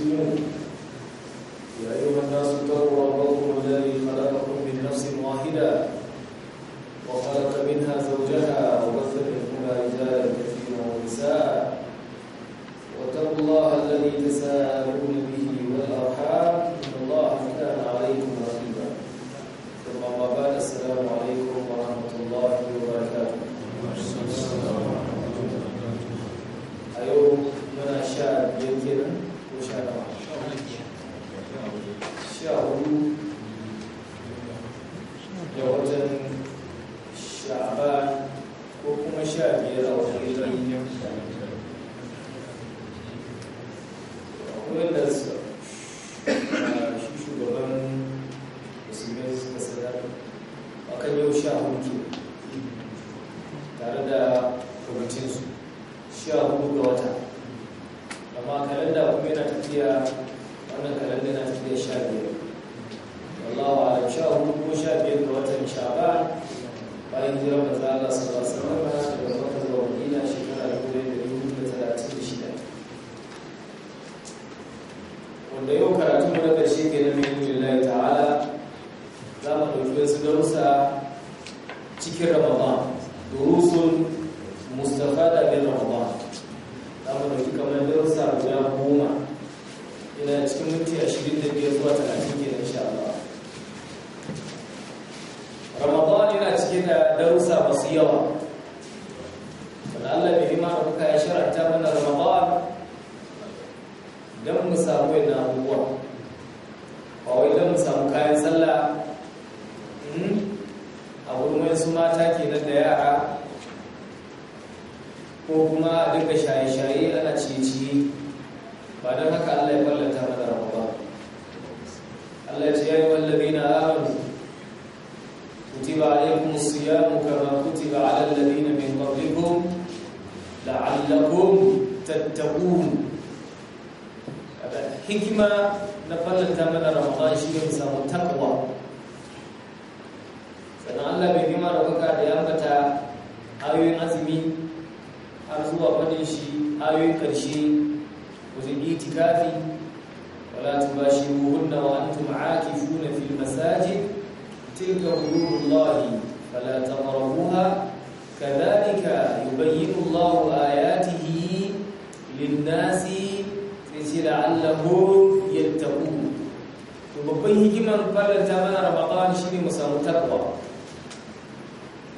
Amen. sha hudu ga wata amma kalanda kuma yana tafiya wannan kalanda yana tafiya sha biyar wallahu ala sha hudu ko sha biyar ga watan sha'ban bayan jiran manzo Allah sallallahu alaihi wasallam daga Makka zuwa Madina shekara dubu ɗaya da dubu da talatin da shida wanda yau karatu mu na ƙarshe ke na mai lillahi ta'ala za mu ɗauki wasu darussa cikin Ramadan durusun الاعتكاف ولا تباشروهن وانتم عاكفون في المساجد تلك حدود الله فلا تقربوها كذلك يبين الله اياته للناس لعلهم يتقون وبقي كما قال تعالى ربطان شيء مسام تقوى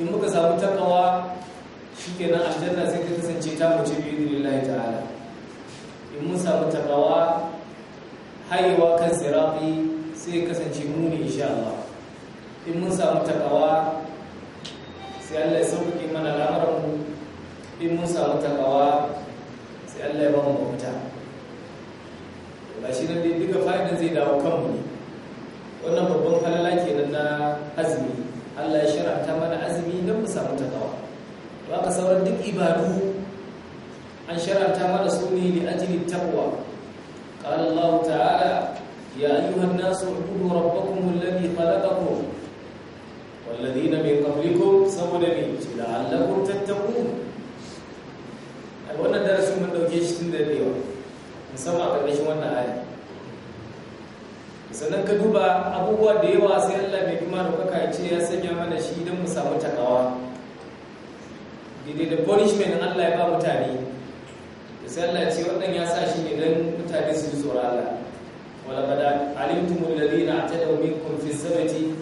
ان مكسام تقوى شكنا الجنه سكتسنجي تامو تشي باذن الله تعالى in mun samu takawa hayewa kan sirafi sai kasance muni insha Allah in mun samu takawa sai Allah ya sauke mana lamarin in mun samu takawa sai Allah ya ba mu mafita ba shi na dai duka fa'idan zai dawo kanmu ne wannan babban halala kenan na azumi Allah ya shirata mana azumi don mu samu takawa ba ka sauran duk ibadu an sharanta mana su ne da ajilin taqwa qala Allah ta'ala ya yi ayyuhan nasu rabbakun mulladi alladhi walladi na mai qablikum saboda ne da tattaqun ai wannan darasin mun ɗauke shi tun da yawa musamman a ƙarƙashin wannan aya sannan ka duba abubuwa da yawa sai Allah mai kuma rukaka ya ce ya sanya mana shi don mu samu takawa daidai da punishment Allah ya ba mutane sallah ce yasa shi ne dan mutane su ji tsoron Allah wala bada alimtum alladhina atadaw minkum fi sabati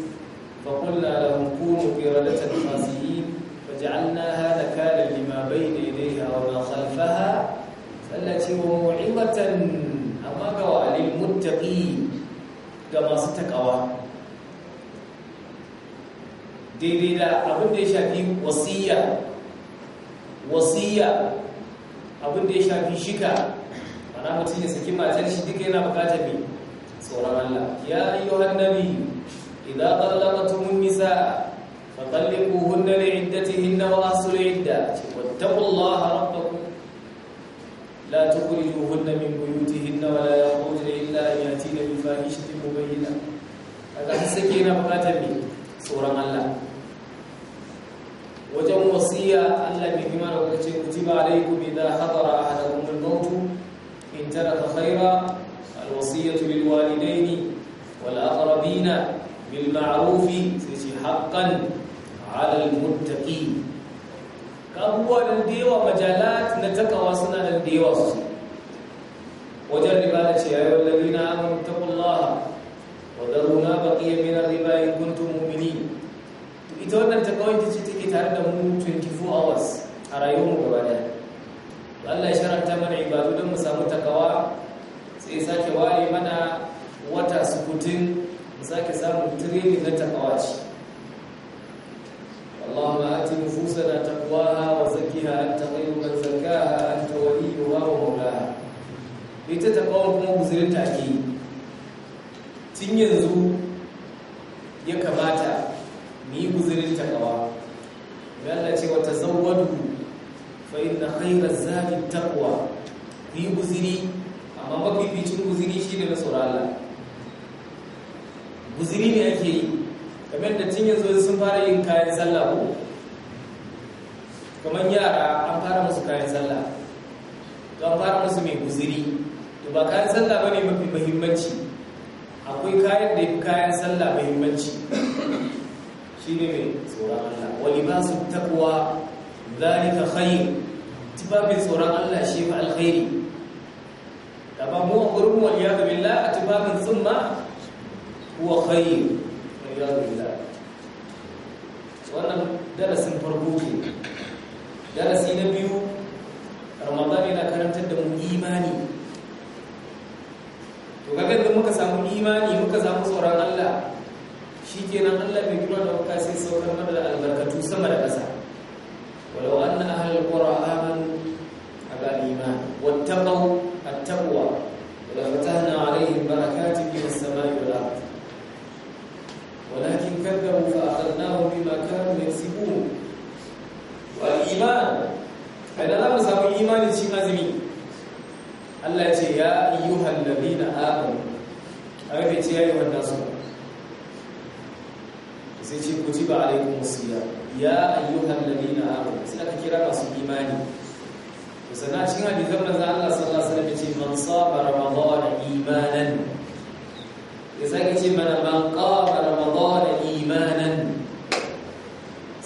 fa da lahum kunu fi radati fasihi fa ja'alna hadha kala lima bayna yadayha wa ma khalfaha sallah ce wa amma ga wa alil muttaqi ga masu takawa daidai da abin da ya shafi wasiyya Abun da ya shafi shika mana mutum ya saki matar shi duka yana bukata bi tsoron Allah ya yi hannabi idan ƙarƙar mutumin nisa fa ƙalli ƙuhun na ri'iddati hinna wa asuru idda ce wata ƙullawa harabba ƙuri ƙuhun na min buyuti hinna wa la ya ƙuji da illa a da mifahi shi ta yana bukata bi tsoron Allah وجم وصية ألا بثمان كتب عليكم إذا حضر أحدكم الموت إن ترك خيرا الوصية للوالدين والأقربين بالمعروف حقا على المتقين كبوا الديوة مجالات نتكى وصنا للديوة وجرب على شيء الذين آمنوا اتقوا الله وذروا ما بقي من الربا إن كنتم مؤمنين إذا أنت suke tare da mu 24 hours a rayuwar mu gaba daya Allah ya sharanta mana ibadu don mu samu takawa sai ya sake ware mana wata sukutin mu sake samun tirini na takawa ce nufusana taqwaha wa تقواها anta khayru man zakkaha anta أنت wa ومولاها ita takawa kuma guzurin take tun yanzu khairar zaɓin takwa ku yi guziri amma mafificin guziri shi ne na tsoron Allah guziri ne ake yi kamar da tun yanzu sun fara yin kayan sallah ko kamar yara an fara musu kayan sallah to an fara musu mai guziri to ba kayan sallah ba ne mafi mahimmanci akwai kayan da ya fi kayan sallah mahimmanci shi ne mai tsoron Allah wani ba su takwa zalika khair tufafin tsoron Allah shi fa alkhairi amma mu a gurin wal yadu billah tufafin tsumma huwa khair wal yadu billah wannan darasin farko ne darasi na biyu ramadan yana karantar da mu imani to kaga da muka samu imani muka samu tsoron Allah shikenan Allah bai kira da kuka sai saukar mana da albarkatu sama da ƙasa walau anna ahlul qura amanu أهل الإيمان واتقوا التقوى ولفتحنا عليهم بركات من السماء والأرض ولكن كذبوا فأخذناهم بما كانوا يكسبون والإيمان أنا لا مسام الإيمان شيء مزمي الله يا أيها الذين آمنوا أبيت يا أيها الناس sai كتب عليكم الصيام يا أيها الذين آمنوا amanu كتب عليكم الصيام وسنا شنو اللي صلى الله عليه وسلم من صام رمضان ايمانا يزكي من من قام رمضان ايمانا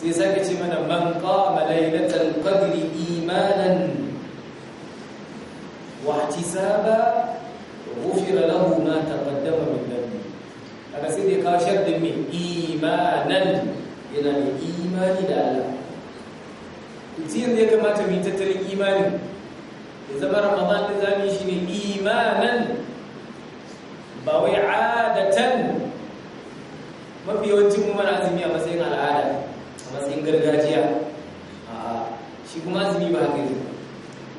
يزكي من من قام ليله القدر ايمانا واحتسابا غفر له ما تقدم من ذنبه انا سيدي كاشر دمي ايمانا الى الايمان لله yanzu yanzu ya kamata mu yi tattalin imanin ya zama ramadan da za shi ne imanan ba wai adatan mafi yawancin mu azumi a matsayin al'ada a matsayin gargajiya a shi kuma azumi ba haka yi.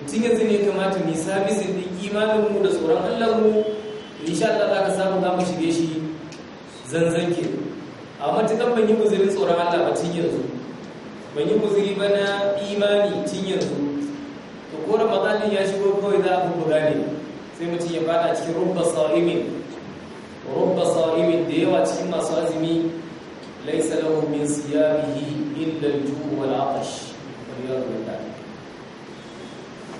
mutum yanzu ne ya kamata mu yi sabisin imaninmu da tsoron allahu. mu insha Allah za ka samu za mu shige shi zanzan ke a matukan ban yi tsoron Allah ba cikin yanzu ban yi guzuri ba na imani tun yanzu to ko ramadanin ya shigo kawai za a buga ne sai mutum ya fada cikin rubba sa'imin rubba sa'imin da yawa cikin masu azumi laisa lahu min siyamihi illa al-ju' wal 'atash wal billah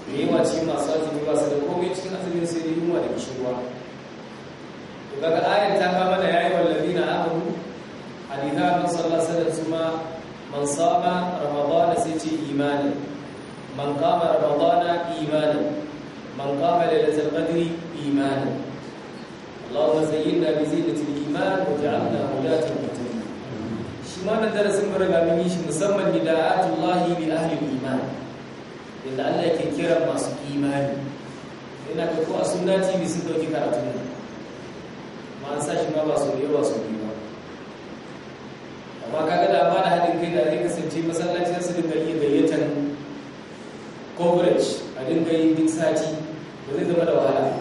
da yawa cikin masu azumi ba su da komai cikin azumin sai da yunwa da kishirwa to kaga ayar ta kama da yayi wallazina amanu hadithan sallallahu alaihi wasallam man sama ramadana sai ce imanin man kama ramadana imanin man kama lailatul qadri imanin Allahumma zayyinna bi zinatil iman wa ja'alna hudatul muttaqin shi ma nan darasin mun riga yi shi musamman nida'atullahi li ahli iman inda Allah yake masu imani ina ga ko a suna TV sun karatu ne ma sa shi ma ba su yawa su amma kaga da haɗin kai da zai kasance masallacin su dinga iya gayyatar coverage a dinga yi duk sati ba zai zama da wahala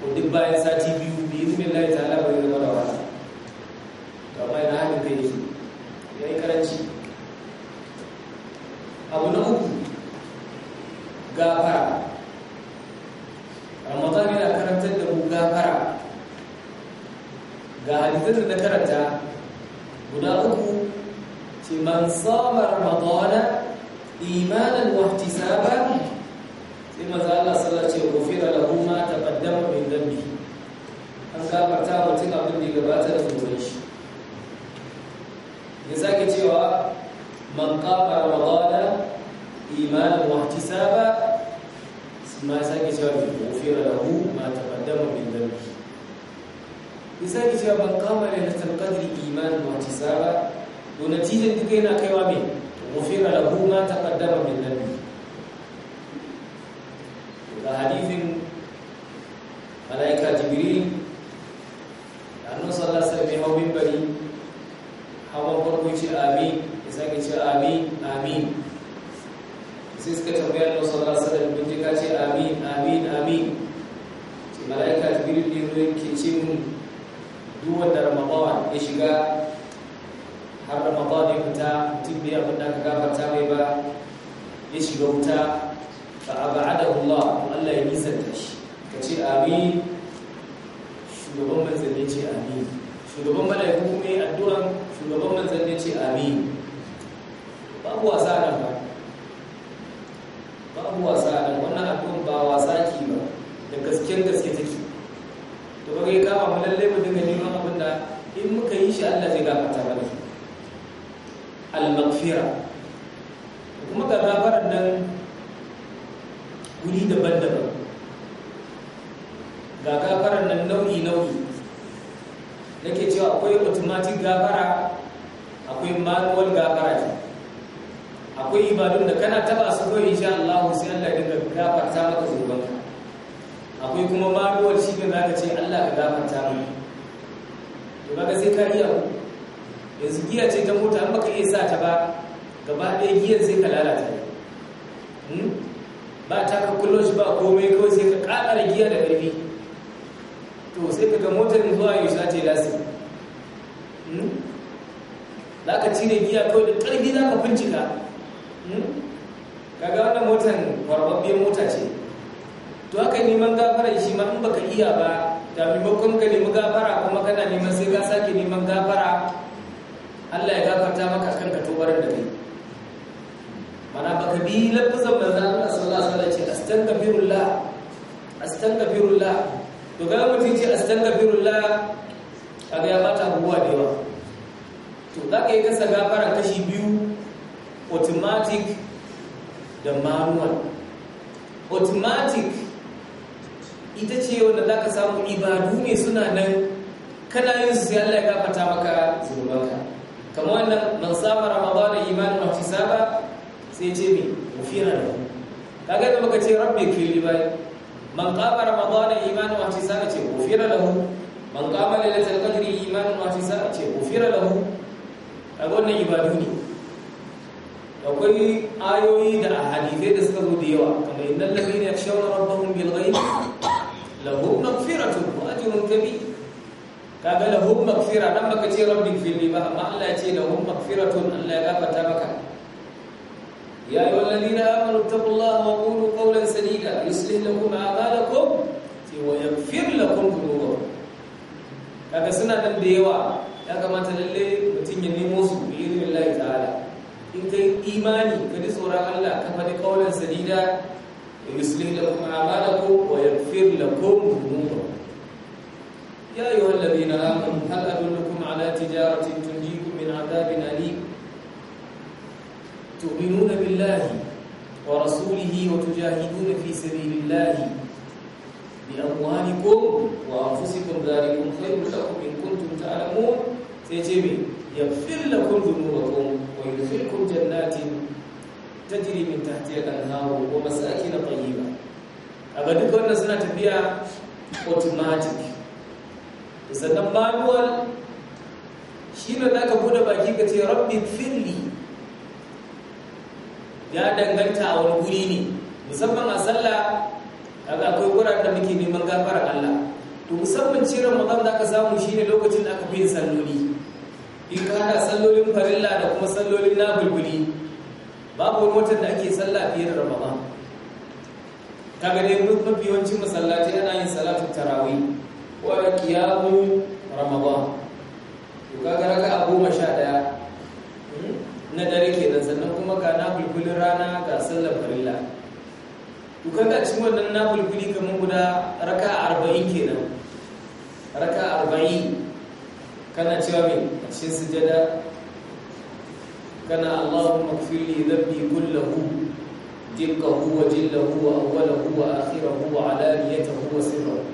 ko duk bayan sati biyu bi izinin layi ta'ala ba zai zama da wahala to amma yana haɗin kai yake ya yi karanci abu na uku gafara ramadan yana karantar da mu gafara ga hadisan da na karanta guda uku ce man sama ramadana imanan wa ihtisaban sai maza Allah sallallahu alaihi wasallam lahu ma taqaddama min dhanbi an gafarta mutum abin da gabata da zuwan shi ya sake cewa man qama ramadana imanan wa ihtisaba sai ma sake cewa ghufira lahu ma taqaddama min dhanbi misali cewa ban kama ne latar kadiri imanin wata saba to natijar duka yana kaiwa mai mufira da kuma ta kaddama min nan da hadithin malaika Jibiri. da annon sallasar mai hau mimbari hawan farko ce amin ya sake ce amin amin sai suka tambaya annon sallasar da bincika ce amin amin amin malaika jibiri ne ruwan ke ce mun duk wanda ramadan ya shiga har ramadan ya fita mutum biyar abin da aka gafarta mai ba ya shiga wuta fa abadahu Allah Allah ya nisanta shi kace amin shugaban manzanni ce amin shugaban malaiku kuma yi addu'an shugaban manzanni ce amin babu wasa nan ba babu wasa nan wannan addu'an ba wasa ki ba da gaskiyar gaske take to ba ya kawo mu lallai mu dinga neman abin da in muka yi shi Allah zai gafarta mana al-maghfira kuma ga gafarar nan wuri daban-daban ga gafarar nan nau'i-nau'i nake cewa akwai automatic gafara akwai manual gafara ce akwai ibadun da kana taba su kawai insha Allah sai Allah ya dinga gafarta maka zunubanka akwai kuma maruwar shi ne zaka ce Allah ka gafarta mu to ka sai ka iya yanzu giya ce ta mota an baka iya sa ta ba gaba ɗaya giyar sai ka lalata hmm? ba ta ka kullo shi ba komai kawai sai ka ƙaƙara giya da ƙarfi to sai ka ga motar zuwa yau za ta yi lasi hmm? za ka cire giya kawai da ƙarfi za ka bincika hmm? kaga wannan motar kwarbabbiyar mota ce to haka neman gafarar shi ma in baka iya ba da maimakon ka nemi gafara kuma kana neman sai ka sake neman gafara Allah ya gafarta maka kan ka tobar da kai mana baka bi lafazan manzo Allah sallallahu alaihi wasallam ce astaghfirullah astaghfirullah to ga mutum ce astaghfirullah kaga ya bata abubuwa da yawa to zaka yi kasa gafara kashi biyu automatic da manual automatic ita ce wanda za ka samu ibadu ne suna nan kana yin su sai Allah ya gafarta maka zunubanka kamar wannan man sama ramadana imanin wa tisaba sai ce mi ufira da kaga da muka ce rabbi kulli bai man qama ramadana imanin wa tisaba ce ufira lahu man qama lailatul qadr imanin wa tisaba ce ufira lahu kaga wannan ibadu ne akwai ayoyi da ahadithai da suka zo da yawa kamar innal ladina yakshawna rabbahum bil ghaib lahu maghfiratun wa ajrun kabir kaga lahu maghfira dan baka ce rabbi fili ba amma Allah ya ce lahu maghfiratun Allah ya gafarta maka ya ayyuhalladhina amanu taqullaha wa qulu qawlan sadida yuslih lakum a'malakum wa yaghfir lakum dhunubakum kaga suna nan da yawa ya kamata lalle mutum ya nemo su bi idnillahi ta'ala in kai imani ka ji tsoron Allah ka faɗi qawlan sadida يصلح لكم أعمالكم ويغفر لكم ذنوبكم يا أيها الذين آمنوا هل أدلكم على تجارة تنجيكم من عذاب أليم تؤمنون بالله ورسوله وتجاهدون في سبيل الله بأموالكم وأنفسكم ذلكم خير لكم إن كنتم تعلمون سيجب يغفر لكم ذنوبكم ويدخلكم جنات tajri min tahtiha al-anhar wa masakin tayyiba aga duka wannan suna tafiya automatic sannan ne shine ka bude baki ka ce rabbi firli ya danganta a wani guri ne musamman a sallah kaga akwai wuraren da muke neman gafarar Allah to musamman cikin Ramadan da aka samu shine lokacin da aka fi salloli in ka hada sallolin farilla da kuma sallolin nafilbili babu wani watan da ake sallah fiye da ramadan kaga dai mafi yawancin masallaci ana yin salatun tarawi ko da kiyamu ramadan to kaga raka a goma sha daya hmm, na dare kenan sannan kuma ga nafulfulin rana ga sallar farilla to kaga cikin wannan bulbuli kamar guda raka arba'in kenan raka arba'in kana cewa mai a cikin sujada kana Allahumma ighfir li dhanbi kullahu dikkahu wa jillahu wa awwalahu wa akhirahu wa alaniyatahu wa sirrahu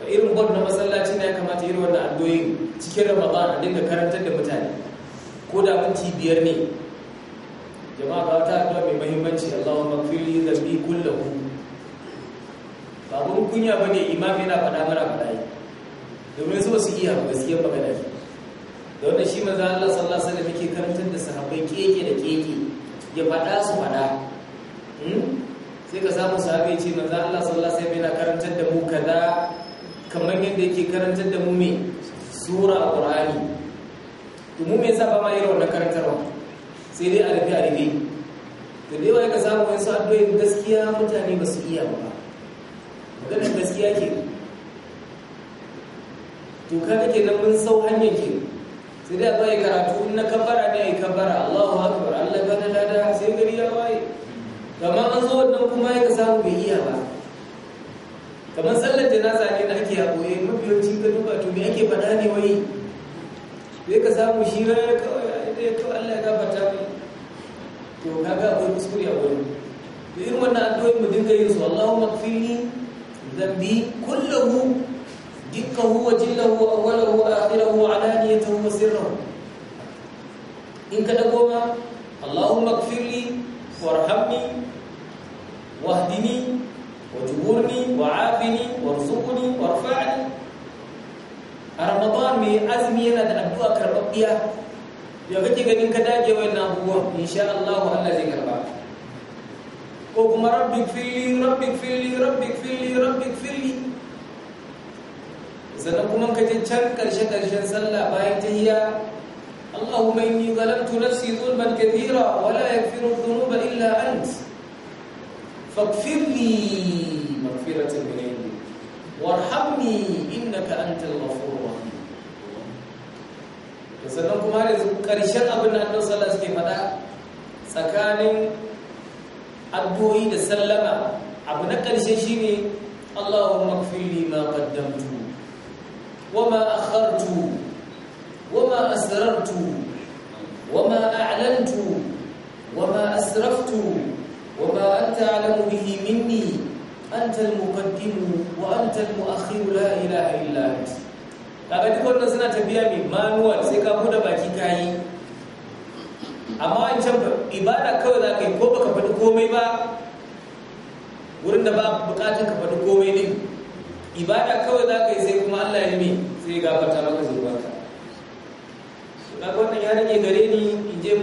fa irin bod na masallaci ne ya kamata irin wannan addu'o'i cikin Ramadan a dinga karantar da mutane ko da minti biyar ne jama'a ba ta addu'a mai muhimmanci Allahumma ighfir li dhanbi kullahu ba kunya bane imam yana faɗa mana faɗa domin su su iya gaskiyar magana da wanda shi maza Allah sallallahu alaihi wasallam yake karantar da sahabbai keke da keke ya faɗa su faɗa hmm? sai ka samu sahabi ce maza Allah sallallahu alaihi wasallam yana karantar da mu kaza kamar yadda yake karantar da mu me sura qur'ani to mu me zaba ba ma irin wannan karantarwa sai dai a rufe a rufe to dai wai ka samu wani addu'o'in gaskiya mutane ba su iya ba maganar gaskiya ke to kake nan mun sau hanyar ke sai da zo yi karatu in na kabara ne yi kabara Allahu akbar Allah da da, sai gari ya waye kamar an zo wannan kuma ya samu bai iya ba kamar sallar janaza ne da ake haƙoye mafiyancin ka duba to me ake faɗa ne wai sai ka samu shira ranar kawai da ya kawai Allah ya gafarta mai to kaga akwai kuskure a wurin da irin wannan addu'o'in mu dinga yin su Allahumma ghfirli dhanbi kullahu dikkahu wa jillahu in ka dago ma Allahumma ighfirli warhamni wahdini wajburni wa'afini warzuqni warfa'ni a Ramadan mai azumi yana da addu'a karbabbiya ya kake ganin ka dage wannan abubuwan insha Allah Allah zai karba ko kuma rabbi fili rabbi fili rabbi fili rabbi fili sannan kuma ka je can karshe karshen sallah bayan tahiyya اللهم إني ظلمت نفسي ظلما كثيرا ولا يغفر الذنوب إلا أنت فاغفر لي مغفرة من وارحمني إنك أنت الغفور الرحيم sannan kuma da karshen abin da annabi sallallahu alaihi faɗa tsakanin addu'o'i da sallama abu na karshe shine Allahumma ighfir li ma qaddamtu wa ma akhartu وما أسررت وما أعلنت وما أسرفت وما أنت أعلم به مني أنت المقدم وأنت المؤخر لا إله إلا أنت لقد duk wannan suna tafiya mai سيكا sai ka buɗe baki ka yi amma an ibada kawai za ka yi ko baka faɗi komai ba wurin da ba buƙatar ka faɗi komai ne ibada kawai za ka sai kuma Allah ya ne sai ya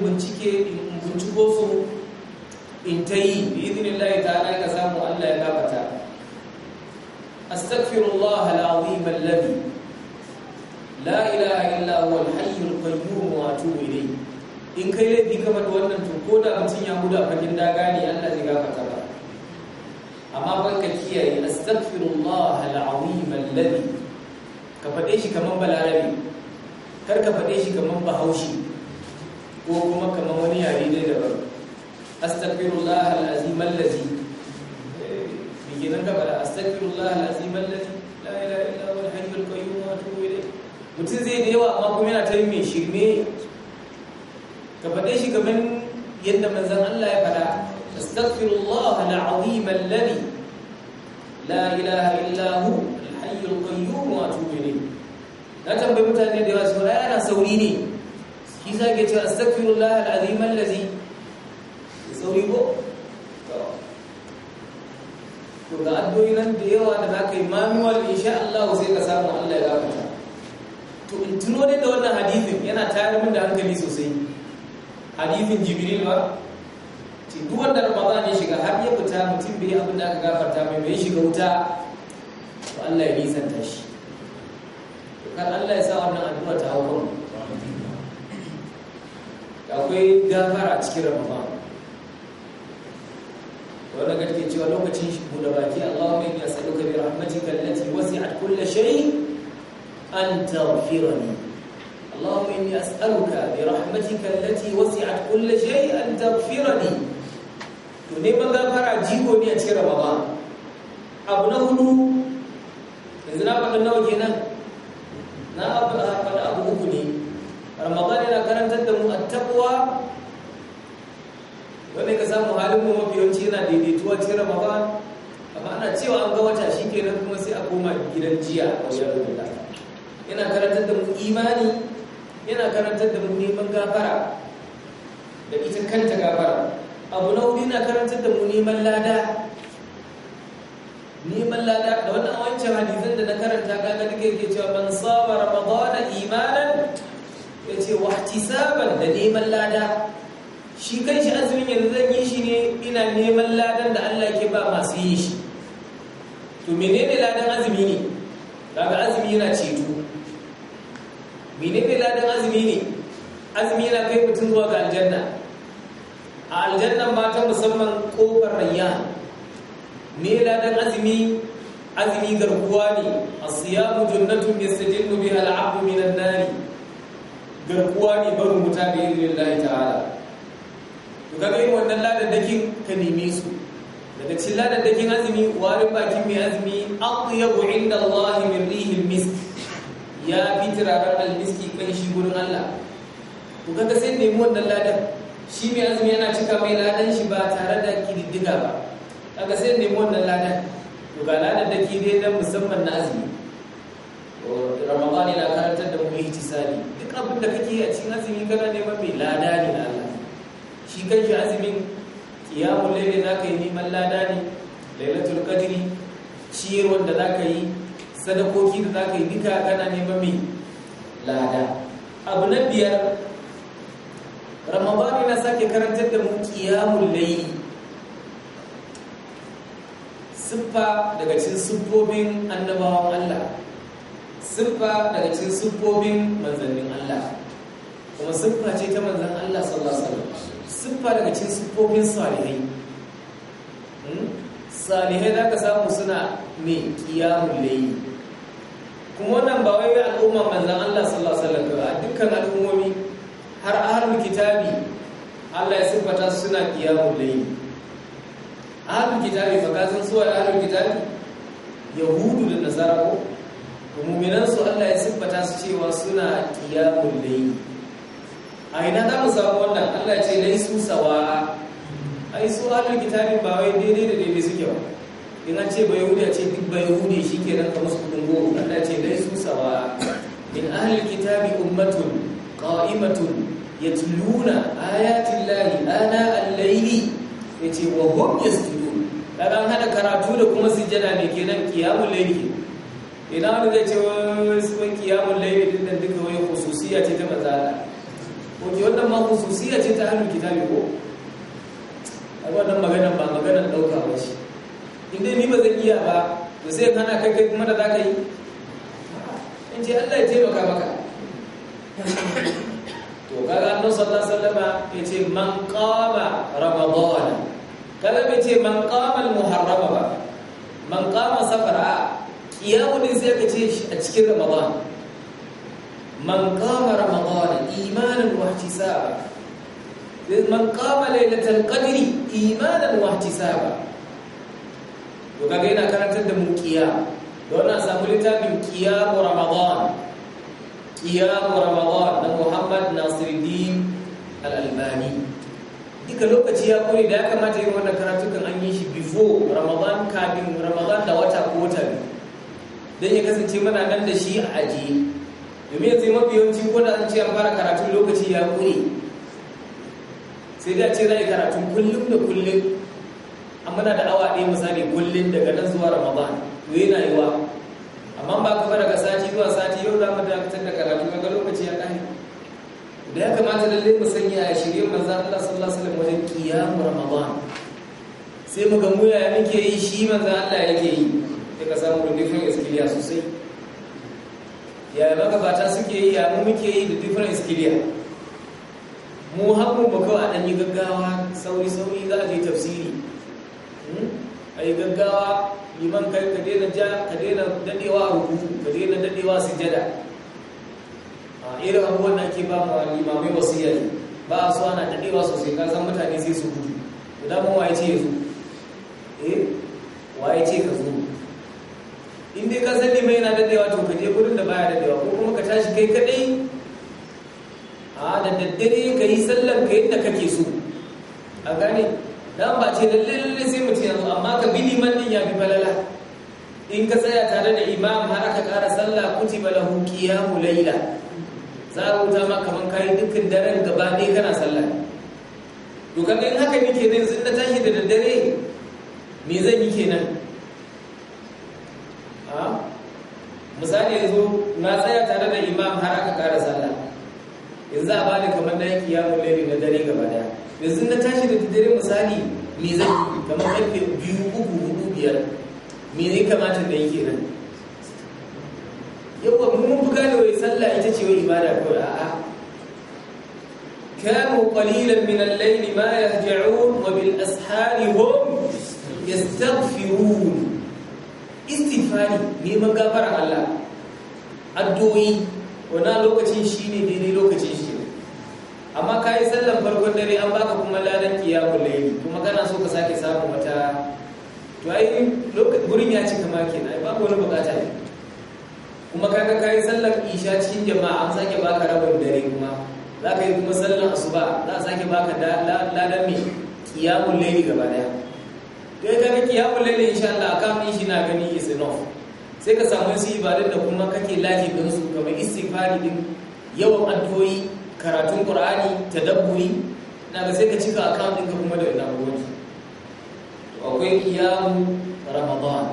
bincike in binciko su in ta yi bi idinin layi ta ana ka samu allah ya gabata astagfirullah al'azim mallabi. la ilaha illa huwa al-hayyul qayyum wa atubu ilayhi in kai laifi ka faɗi wannan to ko da mutum ya gudu fagen daga ne allah zai gabata ba amma ban ka kiyaye astagfirullah al'azim mallabi. ka faɗe shi kamar balarabe kar ka faɗe shi kamar bahaushe ko kuma kamar wani yare dai daban astaghfirullah alazim allazi bige nan gaba da astaghfirullah alazim allazi la ilaha illa huwa alhayyul qayyum wa atubu ilayh mutum zai da yawa amma kuma yana ta yin mai shirme ka faɗe shi gaban yadda manzon Allah ya faɗa astaghfirullah alazim allazi la ilaha illa huwa alhayyul qayyum wa atubu ilayh na tambayi mutane da yawa su ana sauri ne shi sa ke cewa astaghfirullah alazim allazi sauri ko to ga addu'o'i nan da yawa da ka yi manual insha Allah sai ka samu Allah ya gafarta to in tuno ne da wannan hadithin yana tayar min da hankali sosai hadithin jibril ba ce duk wanda ramadan ya shiga har ya fita mutum bai abin da aka gafarta mai mai shiga wuta to Allah ya nisanta shi kan Allah ya sa wannan addu'a ta hawo akwai gafara cikin ramadan wanda ga take cewa lokacin shi buɗe baki Allahumma inni as'aluka bi rahmatika allati wasi'at kull shay an taghfirani Allahumma inni as'aluka bi rahmatika allati wasi'at kull shay an taghfirani to ne ban gafara jigo ne a cikin Ramadan abu na hudu yanzu na faɗa nawa kenan na abu faɗa abu uku ramadan yana karantar da mu attaqwa wanda ka samu halin mu mafi yawanci yana daidaituwa cikin ramadan amma ana cewa an ga wata shi kenan kuma sai a koma gidan jiya a wajen rubuta yana karantar da mu imani yana karantar da mu neman gafara da ita kanta gafara abu na hudu yana karantar da mu neman lada neman lada da wannan wancan hadisan da na karanta ga duka yake cewa ban saba ramadana imanan ya ce wa ihtisaban da neman lada shi kan shi azumin yanzu zan yi shi ne ina neman ladan da Allah ke ba masu yi shi to menene ladan azumi ne daga azumi yana ceto menene ladan azumi ne azumi yana kai mutum zuwa ga aljanna a aljannan mata musamman kofar rayya me ladan azumi azumi garkuwa ne as-siyamu jannatun yastajinnu biha al min an-nari garkuwa ne barin wuta da izinin Allah ta'ala to kaga irin wannan ladadakin ka neme su daga cikin ladadakin azumi warin bakin mai azumi atyabu inda Allah min rihil misk ya fi turaren almiski kan shi gurin Allah to kaga sai nemi wannan ladan shi mai azumi yana cika mai ladan shi ba tare da kididdiga ba kaga sai nemi wannan ladan to ga ladan da ke musamman na azumi Ramadan yana karantar da mu ihtisali abin da kake a cikin azumi kana neman mai lada ne na Allah shi kanshi azumin qiyamul za ka yi neman lada ne lailatul qadri ciyarwar da ka yi sadakoki da ka yi duka kana neman mai lada abu na biyar ramadani na sake karantar da mu kiyamun layli siffa daga cikin siffofin annabawan Allah siffa daga cikin siffobin manzannin Allah kuma siffa ce ta manzan Allah sallallahu alaihi wasallam siffa daga cikin siffobin salihai hmm? salihai za ka samu suna mai kiyamun layi kuma wannan ba wai al'umma manzan Allah sallallahu alaihi wasallam ba dukkan al'ummomi har ahlul kitabi Allah ya siffata su suna kiyamun layi ahlul kitabi fa ka san suwa ahlul kitabi yahudu da nasara ko muminansu Allah ya siffata su cewa suna qiyamul layl a ina za mu samu wannan Allah ce su sawa ai su ahlul kitabi ba wai daidai da daidai suke ba Ina ce bai yahudi ce duk bai ke nan kamar su kudin goma Allah ce su sawa in ahlul kitabi ummatun ya tuluna ayatun llahi ana al ya ce wa su tuluna ɗan hada karatu da kuma sujjada ne ke nan qiyamul layli ina da zai ce wani kiyamun laifin din nan duka wani hususiya ce ta manzana oke wannan ma hususiya ce ta hannun kitabi ko a wannan maganan ba maganan ɗauka ba shi inda ni ba zan iya ba da sai kana kai kai kuma da za ka yi in ce allah ya taimaka maka to kaga annabi sallallahu sallama ya ce man kama qama ne kaga bai ce man qama muharraba ba man kama safara kiyamun sai aka ce shi a cikin ramadan man kama ramadan imanin wa ihtisaba man kama lailatul qadri imanin wa ihtisaba to kaga yana karantar da mu kiya. don na samu littafin kiya ko ramadan Kiya ko ramadan na Muhammad Nasiruddin Al-Albani duka lokaci ya kore da ya kamata yin wannan karatukan an yi shi before ramadan kafin ramadan da wata ko wata biyu don ya kasance mana nan da shi a ajiye domin yanzu mafi yawanci ko da an ce an fara karatun lokaci ya kure sai da ce za a yi karatun kullum da kullum amma na da awa ɗaya misali kullum daga nan zuwa ramadan to yana yiwa amma ba kuma daga sati zuwa sati yau za mu dakatar da karatu daga lokaci ya ƙare da ya kamata lalle mu sanya a shirye manzo Allah sallallahu alaihi wasallam wajen qiyam ramadan sai mu ga mu muke yi shi manzo Allah yake yi ka samu da different experience sosai ya magabata suke yi ya mu muke yi da different experience mu haɓu ba kawai a ɗan yi gaggawa sauri-sauri za a je tafsiri hmm? a yi gaggawa liman kai ka daina ja ka a hudu, ka daina su jada a irin abubuwan da ake ba ma limamai yanzu, ba a so ana daɗewa sosai ka san mutane sai su gudu da mun waye ce ya zo. eh waye ce ka zo in dai ka san limai yana dadewa to ka je gurin da baya dadewa ko kuma ka tashi kai kaɗai? a da daddare ka yi sallan ka yadda kake so a gane dan ba ce lalle lalle sai mutum yanzu amma ka bi liman din ya fi falala in ka tsaya tare da imam har aka ƙara sallah kutiba lahu qiyamu laila za a rubuta ma kaman dukkan daren gaba ɗaya kana sallah to kaga in haka nake ne yanzu na tashi da daddare me zan yi kenan misali yanzu na tsaya tare da imam har aka kara sallah yanzu a bani kamar na yi kiyamun laili na dare gaba daya yanzu na tashi da dare misali me zai kamar karfe biyu uku hudu biyar me ne kamata na nan yau yawwa mun buga da wai sallah ita ce wai ibada kawai a'a كانوا قليلا من الليل ما يهجعون ya هم يستغفرون istighfari neman gafarar Allah addu'o'i wannan lokacin shine daidai lokacin shi amma ka yi sallan farkon dare an baka kuma ladan qiyamul layli kuma kana so ka sake samu wata to ai gurin ya cika ma kenan ai babu wani bukata ne kuma kaga ka yi isha cikin jama'a an sake baka rabon dare kuma za ka yi kuma sallan asuba za a sake baka ladan mai qiyamul layli gaba daya to ya kaga kiyamul layli insha Allah kan din shi na gani is enough sai ka samu su ibadan da kuma kake laji don su kamar istighfari din yawan addu'o'i karatun qur'ani tadabburi na ga sai ka cika account ka kuma da nagode to akwai kiyamu ramadan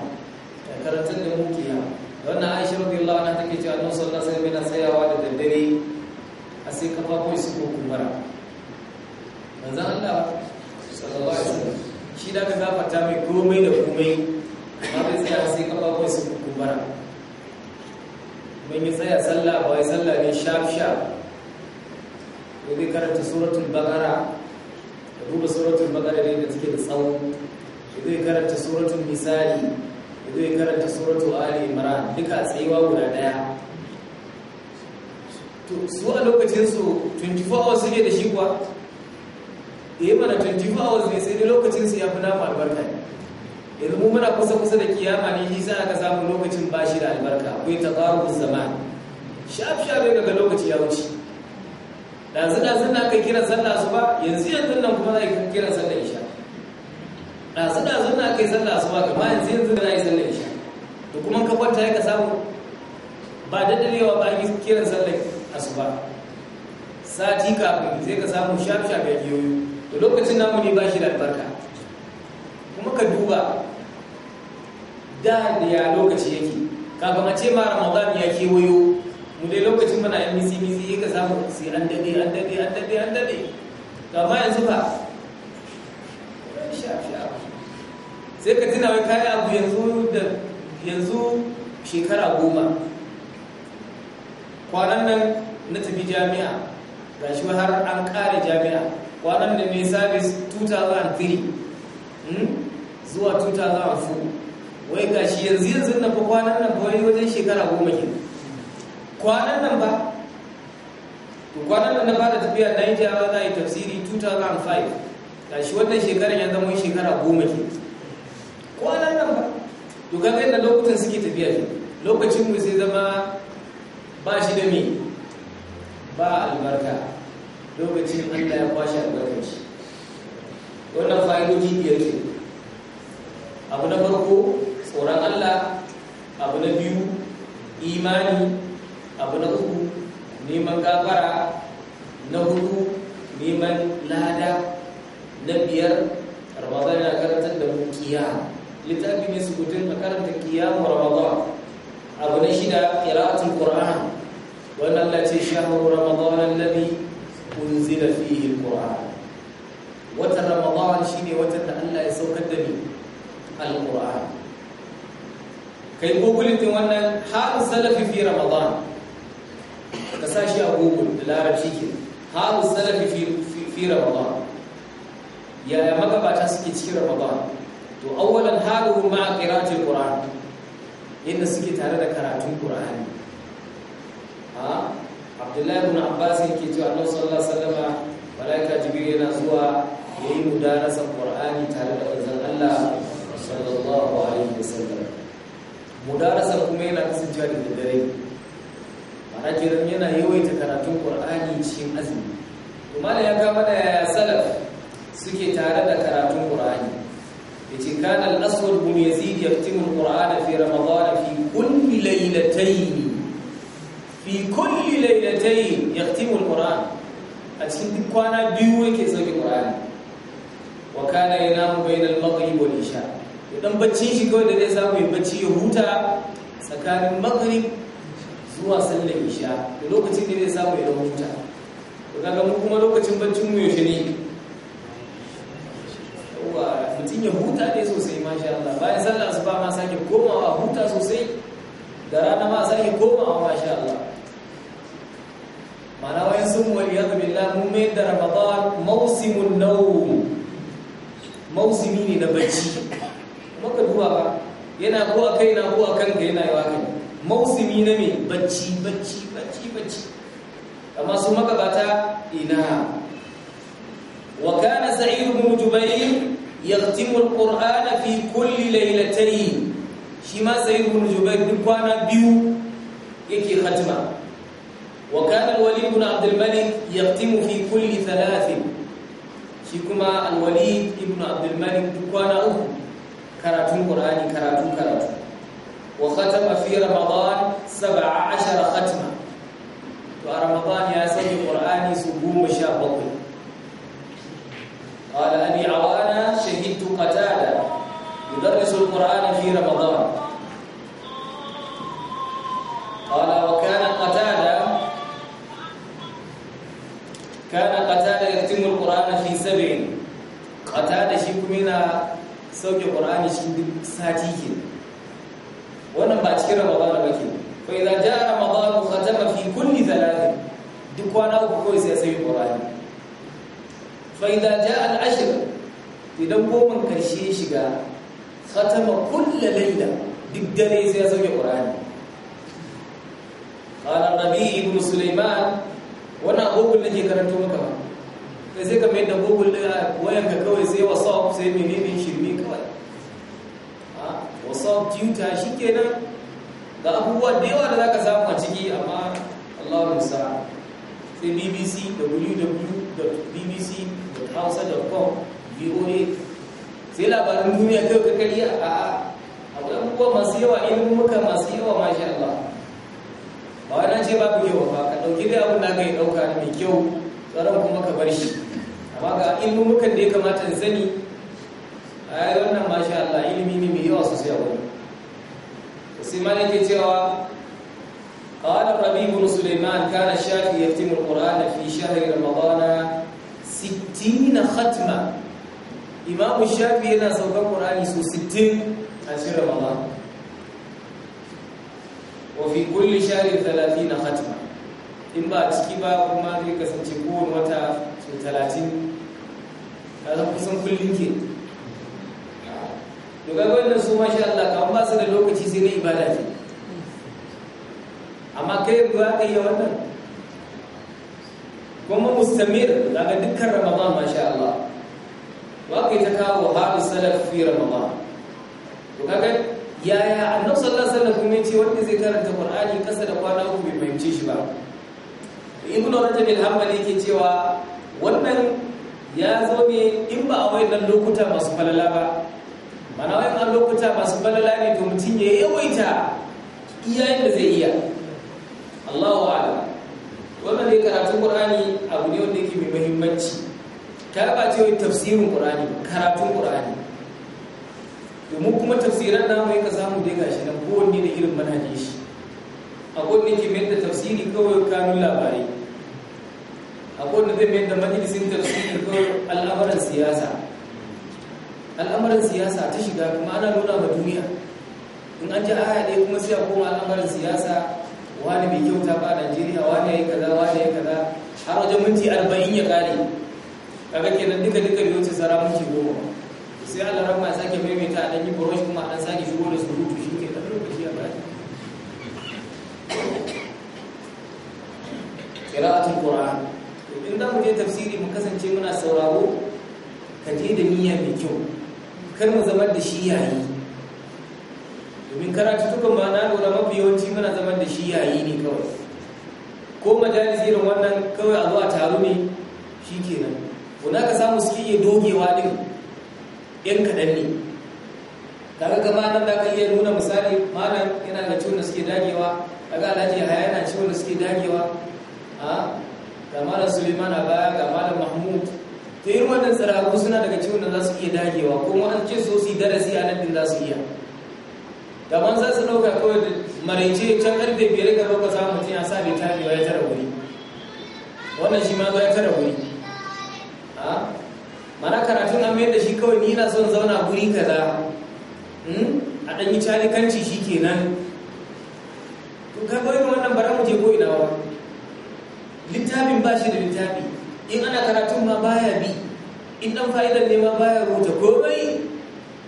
da karatun da muke kiyamu wannan Aisha radiyallahu anha take cewa Annabi sallallahu alaihi wasallam yana tsayawa da daddare a sai kafa kafafun su ko kumara manzon Allah sallallahu alaihi wasallam shi da aka zafata mai komai da komai ba bai tsaya sai kafafun su kumbura ban yi tsaya sallah ba wai sallah ne shaf shaf ko zai karanta suratul baqara da duba suratul baqara ne da suke da tsawo zai karanta suratul misali zai karanta suratul ali mara duka tsayuwa guda daya su a lokacin su 24 hours suke da shi kuwa da eh ya mana 24 hours ne sai dai lokacin su ya fi namu albarka yanzu mu muna kusa kusa da kiyama ne shi sa aka samu lokacin bashi da albarka akwai da zaman shaf shafe daga lokaci ya wuce dazu dazu na kai kiran sallah ba yanzu yanzu nan kuma zai kiran sallah isha dazu dazu na kai sallah asuba kuma yanzu yanzu zai sallah isha to kuma ka kwanta ya ka samu ba daddarewa ba yi kiran sallah asuba sati kafin zai ka samu shaf shaf ya yoyo da lokacin namu ne ba shi da albarka kuma ka duba da da ya lokaci yake kafin a ce ma ramadan ya kewayo mu dai lokacin mana yan misi misi ka samu sai an dade an dade an dade an dade ga ma yanzu ba sai ka tuna wai kayan abu yanzu da yanzu shekara goma kwanan nan na tafi jami'a shi har an kare jami'a kwanan da mai sabis 2003 hmm, zuwa 2004 wai ga shi yanzu yanzu na fa kwanan nan ba wajen shekara goma ke kwanan nan ba kwanan nan na fara tafiya na yi jawa za a yi tafsiri 2005 ga shi wannan shekarar ya zama shekara goma ke kwanan nan ba to kaga yadda lokutan suke tafiya ne lokacin mu sai zama ba shi da me ba albarka lokacin Allah ya kwashe albarkar shi wannan fa'idoji biyar ke abu na farko tsoron Allah abu na biyu imani abu na uku neman gafara na hudu neman lada na biyar ramadan ya karanta da mukiya. littafi ne sukutun a karanta kiyamu ramadan abu na shida qira'atul Ƙura'an. wannan Allah ce shahru ramadan alladhi unzila fihi alquran watan ramadan shine watan da Allah ya saukar da ni alquran kai google din wannan haru salafi fi ramadan ka sashi a google da larabci ke haru salafi fi fi ramadan yaya magabata suke cikin ramadan to awwalan haru ma qira'atul qur'an inda suke tare da karatun qur'ani ha ah? abdullahi ibn abbas yake cewa annabi sallallahu alaihi wasallama malaika jibril yana zuwa yayi mudarasan qur'ani tare da manzon Allah sallallahu alaihi wasallam mudarasan kuma yana kasancewa da dare ma'ana kiran yana yawaita karatun qur'ani cikin azumi to malai ya ga mana salaf suke tare da karatun qur'ani yace kana al-aswad ibn yazid yaktimu al-qur'ana fi ramadan fi kulli laylatayn fi kulli lailatayn yaqtimu alquran a cikin duk kwana biyu yake sauke qur'ani wa kana yanamu bayna al-maghrib wal isha Idan bacci shi kawai da zai samu ya bacci ya huta tsakanin maghrib zuwa sallar isha da lokacin da zai samu ya huta to kaga mu kuma lokacin baccin mu yaushe ne yawa mutum ya huta ne sosai masha Allah bayan sallar asuba ma sake komawa huta sosai da rana ma sake komawa masha Allah sun waliyadu mun na maka ba yana zuwa kai na zuwa kanka yana yawa kai mausimi na me bacci bacci bacci bacci amma su bata ina wa kana sa'id ibn jubayr yaqtimu al fi kulli laylatayn shi ma sa'id ibn jubayr duk kwana biyu yake khatima وكان الوليد بن عبد الملك يختم في كل ثلاث شكما الوليد بن عبد الملك كان أهو كراتون قرآن كراتون كراتون وختم في رمضان سبع عشر ختمة ورمضان يا سيد قرآن سبوم شابط قال أبي عوانا شهدت قتالا يدرس القرآن في رمضان قال وكان قتالا kana qatada yaktimu alqur'ana fi sab'in qatada shi kuma yana sauke qur'ani shi duk sati ke wannan ba cikin ramadan ba ke fa idza jaa ramadan khatama fi kulli thalath duk kwana uku kawai sai sai qur'ani fa idza jaa al-ashr idan goma karshe shiga khatama kullu layla duk dare sai ya sauke qur'ani qala nabi ibn sulaiman wannan google nake karanto maka ba kai sai ka mai da google din wayan ka kawai sai whatsapp sai menene shirme kawai a ah, whatsapp tuta shikenan ga abubuwa da yawa da zaka samu a ciki amma Allahu musa sai bbc www.bbc.hausa.com voa sai labarin duniya kai ka kariya a abubuwa masu yawa ilimin muka masu yawa masha Allah wannan ce babu kyau wa ka dauki da abin da aka yi ɗauka mai kyau tsaron kuma ka bar shi amma ga ilmumukan da ya kamata in sani a yi wannan masha Allah ilimi ne mai yawa sosai a wani sai ma yake cewa قال الربيع بن سليمان كان الشافعي يختم القرآن في شهر رمضان ستين ختمة إمام الشافعي هنا سوف القرآن سو ستين عشر رمضان wa fi kulli talatin na khatma in ba a ciki ba kuma zai kasance kowane wata talatin? 30 kaza kusan kullum ke to ga wannan su masha Allah kan ba su da lokaci sai na ibada ce amma kai ba ka iya wannan kuma mustamir daga dukkan Ramadan masha Allah wa kai ta kawo haɗu salaf fi Ramadan to kaga yaya annabi sallallahu alaihi wasallam kuma ce wanda zai karanta qur'ani kasa da kwana uku bai fahimce shi ba ibnu rajab al-hanbali yake cewa wannan ya zo ne in ba a wayan lokuta masu falala ba mana wayan lokuta masu falala ne to mutum ya yawaita iya da zai iya Allahu a'lam wannan ne karatun qur'ani abu ne wanda yake mai muhimmanci ta ce tafsirin qur'ani karatun qur'ani domin mu kuma tafsiran namu yaka samu dai gashi nan kowanne da irin manhaji shi akwai wanda ke mai da tafsiri kawai kanun labarai akwai wanda zai mai da majalisin tafsiri kawai al'amuran siyasa al'amuran siyasa ta shiga kuma ana nuna ma duniya in an ji aya ɗaya kuma sai a koma al'amuran siyasa wani mai kyauta ba a najeriya wani ya yi kaza wani ya yi kaza har wajen minti arba'in ya kare kaga kenan duka duka bai wuce tsara minti goma sai Allah rahma sake maimaita dan yi brush kuma dan sake shigo da surutu shi ke dan lokaci ya bari qira'atul qur'an in da mu je tafsiri mu kasance muna sauraro ka da niyya mai kyau kar mu zama da shi yayi domin karatu tukan ma na lura mafi yawanci muna zama da shi yayi ne kawai ko majalis irin wannan kawai a zuwa taro ne shikenan. kenan kuna ka samu suke iya dogewa din yan kaɗan ne kaga gama nan da ka iya nuna misali malam yana da ciwon da suke dagewa ga alhaji haya yana ciwon da suke dagewa a ga malam suleiman a baya ga malam mahmud ta yi wannan tsiragu suna daga ciwon da za su iya dagewa ko an ce so su yi darasi a nan za su iya Da man za su ɗauka kawai da maraice can karfe biyar ga roka samun mutum ya sa bai tarewa ya tara wuri wannan shi ma ya tara wuri mana karatun an mayar da shi kawai ni ina son zauna guri kaza hmm? a ɗan yi calikanci shi kenan to kaga irin wannan bara mu je ko ina ba littafin ba shi da littafi in ana karatun ma baya bi in dan fa'idar ne ma baya rubuta bai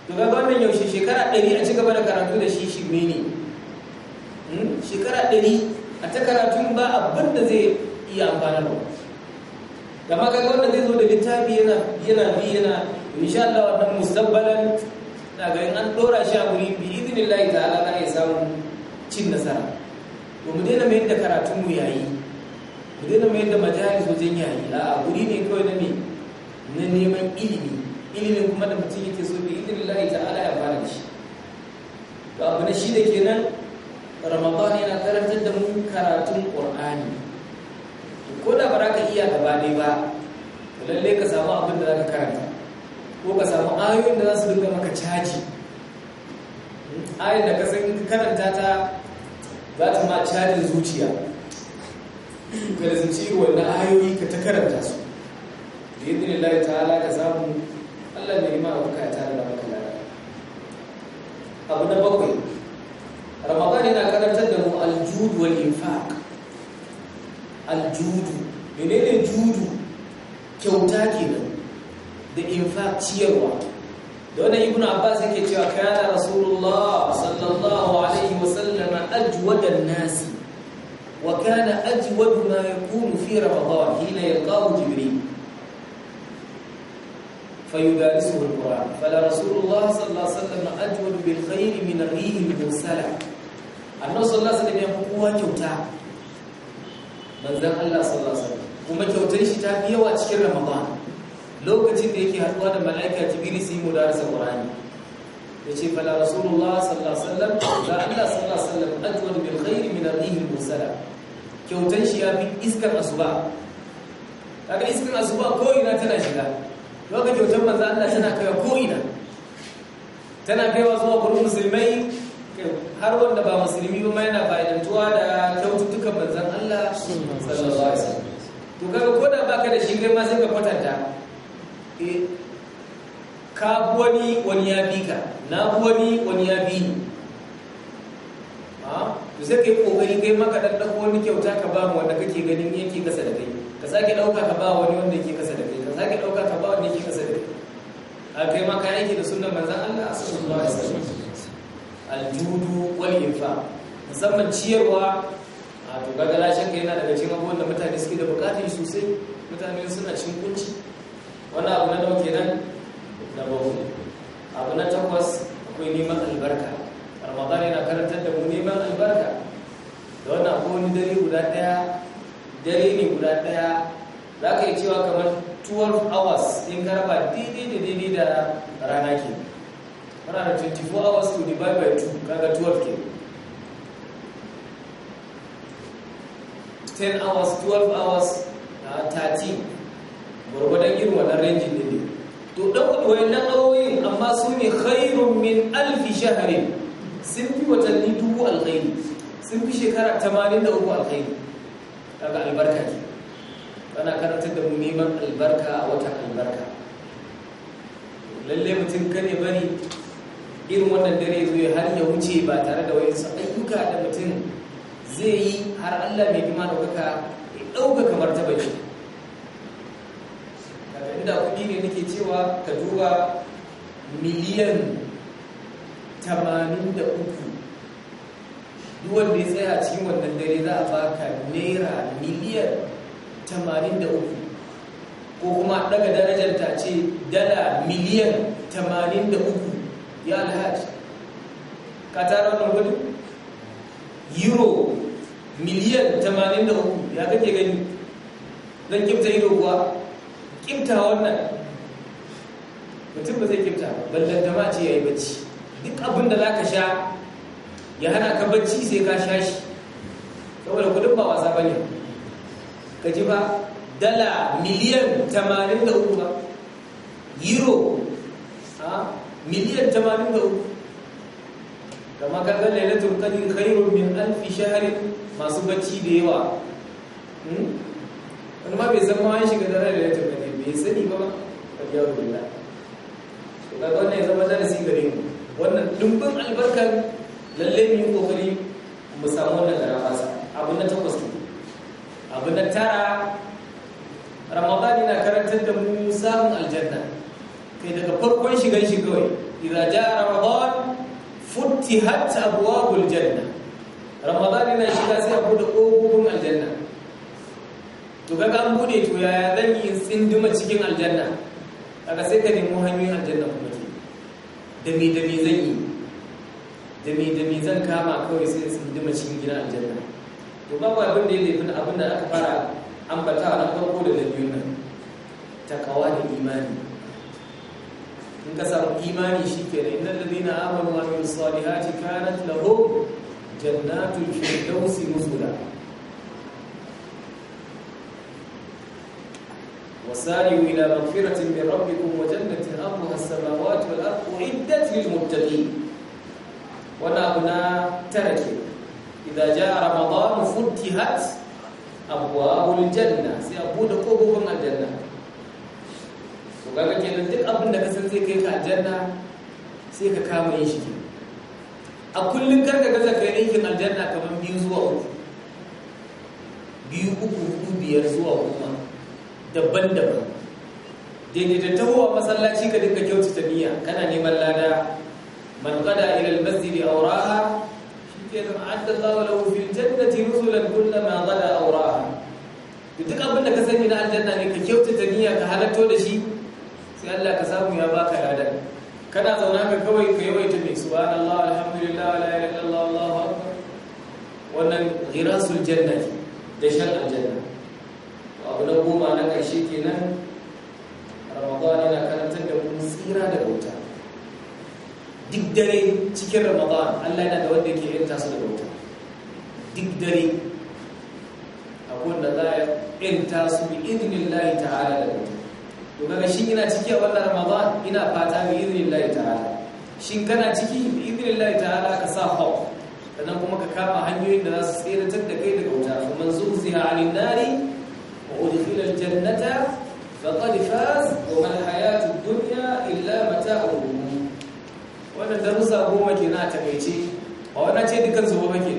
to ga wannan yaushe shekara ɗari a ci gaba da karatu da shi shirme ne hmm? shekara ɗari a ta karatun ba abin da zai iya amfana ba da makaga wannan zai zo da littafi yana yana bi yana insha Allah wannan mustaqbalan na in an dora shi a guri bi idinillahi ta'ala za ya samu cin nasara to mu daina mai da karatu mu yayi mu daina mai da majalis wajen yayi a guri ne kawai na me na neman ilimi ilimin kuma da mutum yake so bi idinillahi ta'ala ya fara da shi to abu shi da kenan Ramadan yana karantar da mu karatun Qur'ani ko da ba za ka iya gaba ne ba lalle ka samu abin da za ka karanta ko ka samu ayoyin da za su dinga maka caji ayoyin da ka san karanta ta za ta ma cajin zuciya ka lizinci wanda ayoyi ka ta karanta su da yadda ta ta'ala ka samu allah mai ma abu ya tare da maka lara abu na bakwai ramadan yana karantar da mu aljudu wal infaq aljudu menene judu kyauta kenan da infaq ciyarwa da wannan ibn abbas yake cewa kana rasulullah sallallahu alaihi wasallam ajwadan nasi wa kana ajwad ma yakunu fi ramadan hina yalqahu jibril فيدارسه القرآن فلا رسول الله صلى الله عليه وسلم أجود بالخير من الريح المرسلة النبي صلى الله عليه وسلم يقول كوتا manzan Allah sallallahu alaihi kuma kyautar shi ta fi yawa cikin Ramadan lokacin da yake haduwa da mala'ika Jibril sai mu darasa Qur'ani yace fala rasulullah sallallahu alaihi wasallam da Allah sallallahu alaihi wasallam ajwad bil khair min ar-rih al-mursala kyautar shi ya fi iskar asuba kaga iskar asuba ko ina tana shiga lokacin kyautar manzan Allah tana kai ko ina tana kaiwa zuwa gurin musulmai har wanda ba musulmi ba ma yana fa'idantuwa da kyaututtukan manzan Allah sallallahu alaihi wasallam to kaga ko da baka da ma sai ka kwatanta eh, ka wani ya bi ka na wani ya bi wanda kake ganin yake kasa da kai ka sake dauka ka ba wani wanda yake kasa da kai ka sake dauka ka ba da kai a kai ma ka yake da manzon Allah ciyarwa a to kaga lashin ka yana daga cikin abubuwan da mutane suke da bukatun sosai mutane suna cin kunci wannan abu na dauke nan na bahu abu na takwas akwai neman albarka ramadan yana karantar da mu neman albarka da wannan abu wani dare guda daya dare ne guda daya za ka yi cewa kamar 12 hours in karba daidai da daidai da rana ke. Rana 24 hours to divide by 2 kaga 12 ke. 10 hours 12 hours 30 uh, gwargwadon irin wannan rangin ne ne to ɗaukudu wayannan awoyin amma su ne khairun min alfi shaharin sun fi watanni dubu alkhairi sun fi shekara tamanin da uku alkhairi daga albarka ke ana karantar da mu neman albarka a watan albarka lalle mutum kane bari irin wannan dare zuwa har ya wuce ba tare da wayansu ayyuka da mutum zai yi har Allah mai bima ɗaukaka ya ta bai shi daga kuɗi ne nake cewa ka duba miliyan tamanin da uku duk wanda ya tsaya cikin wannan dare za a baka naira miliyan tamanin da uku ko kuma daga darajar ta ce dala miliyan tamanin da uku ya alhaji ka tara wannan gudun euro miliyan 83 ya kake gani don kimta ido kuwa kimta wannan mutum ba zai kimta ballan dama ce ya yi bacci duk abin da za ka sha ya hana ka bacci sai ka sha shi saboda kudin ba wasa bane ka ji ba dala miliyan 83 ba euro miliyan 83 kama kaga lailatul qadr khairun min alf shahr masu bacci da yawa hmm? wani ma bai san ma an shiga daren lailatul qadr bai sani ba ya rubuta to kaga wannan ya zama darasi gare mu wannan dubban albarkar lalle mu yi kokari mu samu wannan garabasa abu na takwas abu na tara ramadani na karantar da mu samun aljanna kai daga farkon shigan shi kawai idza ja ramadan futtihat abwabul janna ramadan yana shiga sai a bude kofofin aljanna to ga an bude to yaya zan yi tsinduma cikin aljanna kaga sai ka nemo hanyoyin aljanna kuma ke da me da me zan yi da me da me zan kama kawai sai tsinduma cikin gina aljanna to ba abin da ya laifin abin da aka fara ambata na farko da na biyun nan takawa da imani انكسر ايماني samu ان الذين امنوا da الصالحات كانت لهم جنات الفردوس نزلا kanat وسارعوا إلى مغفرة من ربكم وجنة أرضها السماوات والأرض أعدت للمتقين هنا تركه إذا جاء رمضان فتحت أبواب الجنة سيقول قبوبا kaga kenan duk abin da ka san zai kai ka aljanna sai ka kama yin shi a kullum kar ka gaza kai aikin aljanna kamar biyu zuwa uku biyu uku uku, biyar zuwa uku daban-daban daidai da tahowa masallaci ka dinka kyautata niyya kana neman lada man qada ila al-masjid awraha shikenan adda Allahu lahu fil jannati nuzulan kullama qada awraha duk abin da ka sani na aljanna ne ka kyautata niyya ka halatto da shi sai Allah ka samu ya baka ladan kana zauna ka kawai ka yawaita mai subhanallah alhamdulillah la ilaha illallah allahu akbar wannan ghirasul janna da shan aljanna abu na goma na ƙarshe kenan ramadan yana karantar da mu tsira da bauta duk dare cikin ramadan Allah yana da wanda ke yanta su da bauta duk dare akwai wanda za a yanta su bi idinillahi ta'ala da bauta to shi shin ina ciki a wannan ramadan ina fata bi idnillahi ta'ala shin kana ciki bi idnillahi ta'ala ka sa hope sannan kuma ka kama hanyoyin da za su tseratar da kai daga wuta kuma zuziha a nari wa udkhila al-jannata faqad faz wa ma hayatu dunya illa mata'ul wannan darussa goma kenan a takeice ba wannan ce dukan su ba kake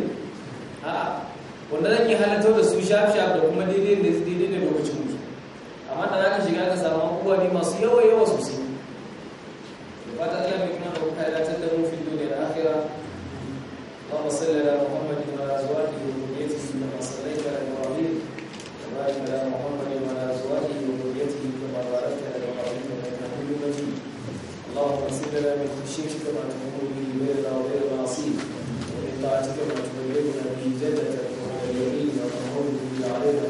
a'a wanda zan yi halatto da su shaf shaf da kuma daidai da wanda za ka shiga ka samu abubuwa ne masu yawa yawa sosai da fata Allah mai kuma da kuka ya dace da mu fi duniya da akhira اللهم صل على محمد وعلى ازواجه وذريته كما صليت على ابراهيم وبارك على محمد وعلى ازواجه وذريته كما باركت على ابراهيم انك حميد مجيد اللهم اغفر لنا من خشيتك ما تكون به بيننا وبين المعصيه ومن طاعتك ما تبلغنا به جنتك ومن اليمين وما تحول به علينا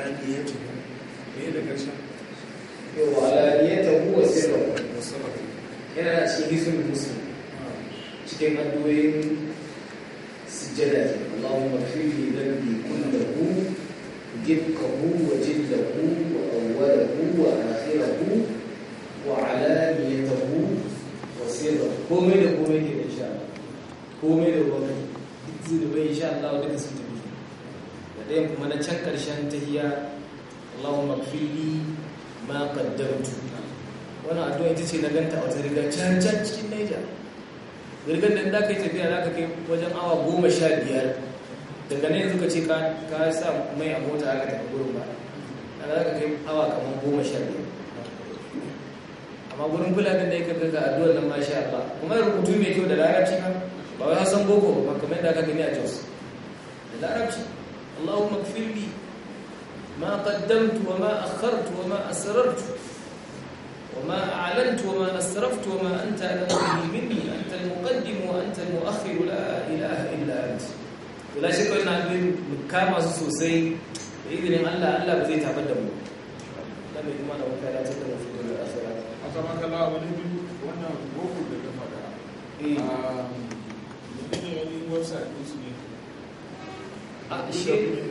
alaniyatu me da karshen yau alaniyatu wa sirru yana da cikin hisul muslim cikin addu'o'in sujjada Allahumma fi dhanbi kullu ita ce na ganta a wata riga can can cikin naija rigar da za ka yi tafiya za ka kai wajen awa goma sha biyar daga nan yanzu ka ce ka sa mai a mota aka tafi gurin ba za ka kai awa kamar goma sha biyar amma gurin kula da ya kaga ga addu'ar nan ma sha ba kuma rubutu mai kyau da larabci ba ba wai hasan boko ba kamar da aka gani a jos da larabci allahu kfirli ma qaddamtu wa ma akhartu wa ma asrartu وما أعلنت وما أسرفت وما أنت أعلم مني أنت المقدم وأنت المؤخر لا إله إلا أنت ولا شك أن أبين مكامة سوسي بإذن الله الله بزي تعبد دمو لم يكن معنا وكالة تدمو في دولة الآخرة أسمعك الله ونبي وانا بوكل لك فدا لدينا ولي ويبسايت اسمي أشياء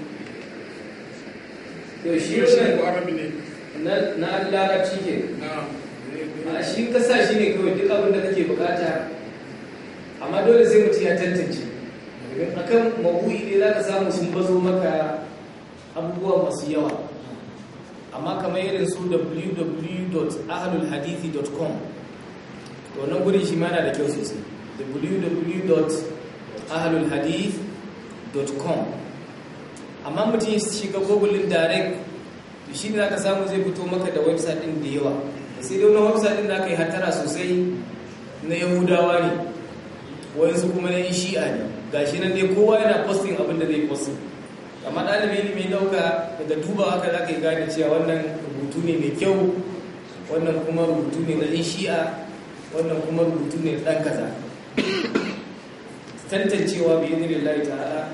يوشيو شيء وعربي na larabci ke a shi ka sa shi ne kawai duk abin da kake bukata amma dole sai mutum ya tantance akan mawu'i ne za ka samu sun bazo maka abubuwa masu yawa amma kamar irin su www.ahalulhadithi.com to nan gudun shi mana da kyau sosai www.ahalulhadithi.com amma mutum shiga google direct to shi ne za samu zai fito maka da website ɗin da yawa sai dai website ɗin za ka yi hatara sosai na yahudawa ne wayansu kuma na yan shi'a ne shi nan dai kowa yana posting abin da zai posting amma ɗalibi mai ɗauka daga duba haka za ka yi gane cewa wannan rubutu ne mai kyau wannan kuma rubutu ne na yin shi'a wannan kuma rubutu ne ɗan kaza tantancewa bai yi ta'ala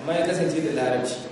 amma ya kasance da larabci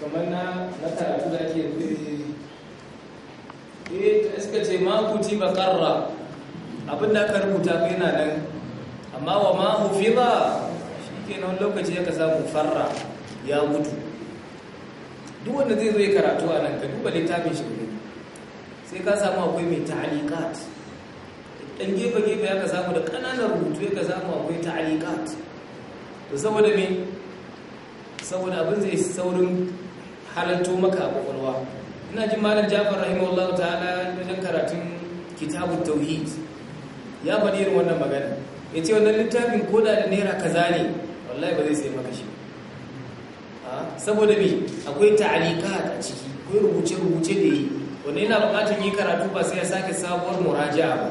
kamar na karatu da ake eh iska ce ma kuti ba karra abin da aka rubuta kai na nan amma wa ma hufi ba shi ke nan lokaci ya ka samu farra ya gudu duk wanda zai zo ya karatu a nan ka duba littafin shi ne sai ka samu akwai mai ta'alikat ɗan gefe-gefe ya ka samu da ƙananan rubutu ya ka samu akwai ta'alikat saboda me saboda abin zai saurin halatto maka kwakwalwa ina jin malam jafar rahimahullahu ta'ala wajen karatun kitabun tauhid ya faɗi irin wannan magana ya ce wannan littafin koda da naira kaza ne wallahi ba zai sai maka shi saboda me akwai ta'alika a ciki akwai rubuce-rubuce da yi wanda yana buƙatar yi karatu ba sai ya sake sabuwar muraja ba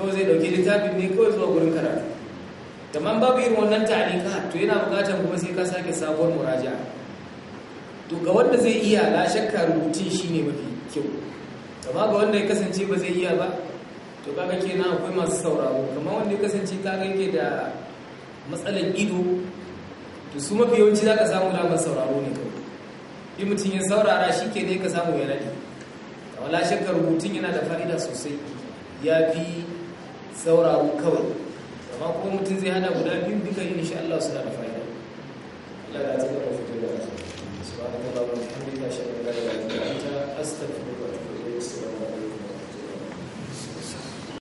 kawai zai ɗauki littafin ne kawai zuwa gurin karatu kamar babu irin wannan ta'alika to yana bukatar kuma sai ka sake sabuwar muraja to ga wanda zai iya la shakka rubutun shine mafi kyau amma ga wanda ya kasance ba zai iya ba to kaga kenan akwai masu sauraro kamar wanda ya kasance ka yake da matsalan ido to su mafi yawanci zaka samu labar sauraro ne kawai in mutum ya saurara shi ke ne ka samu ya nade wala shakka rubutun yana da fa'ida sosai ya fi sauraro kawai amma kuma mutum zai hada guda biyu duka insha Allah suna da fa'ida Allah ya tsaka da fitar da su subhanallahi wa bihamdihi ashhadu an la ilaha illa anta astaghfiruka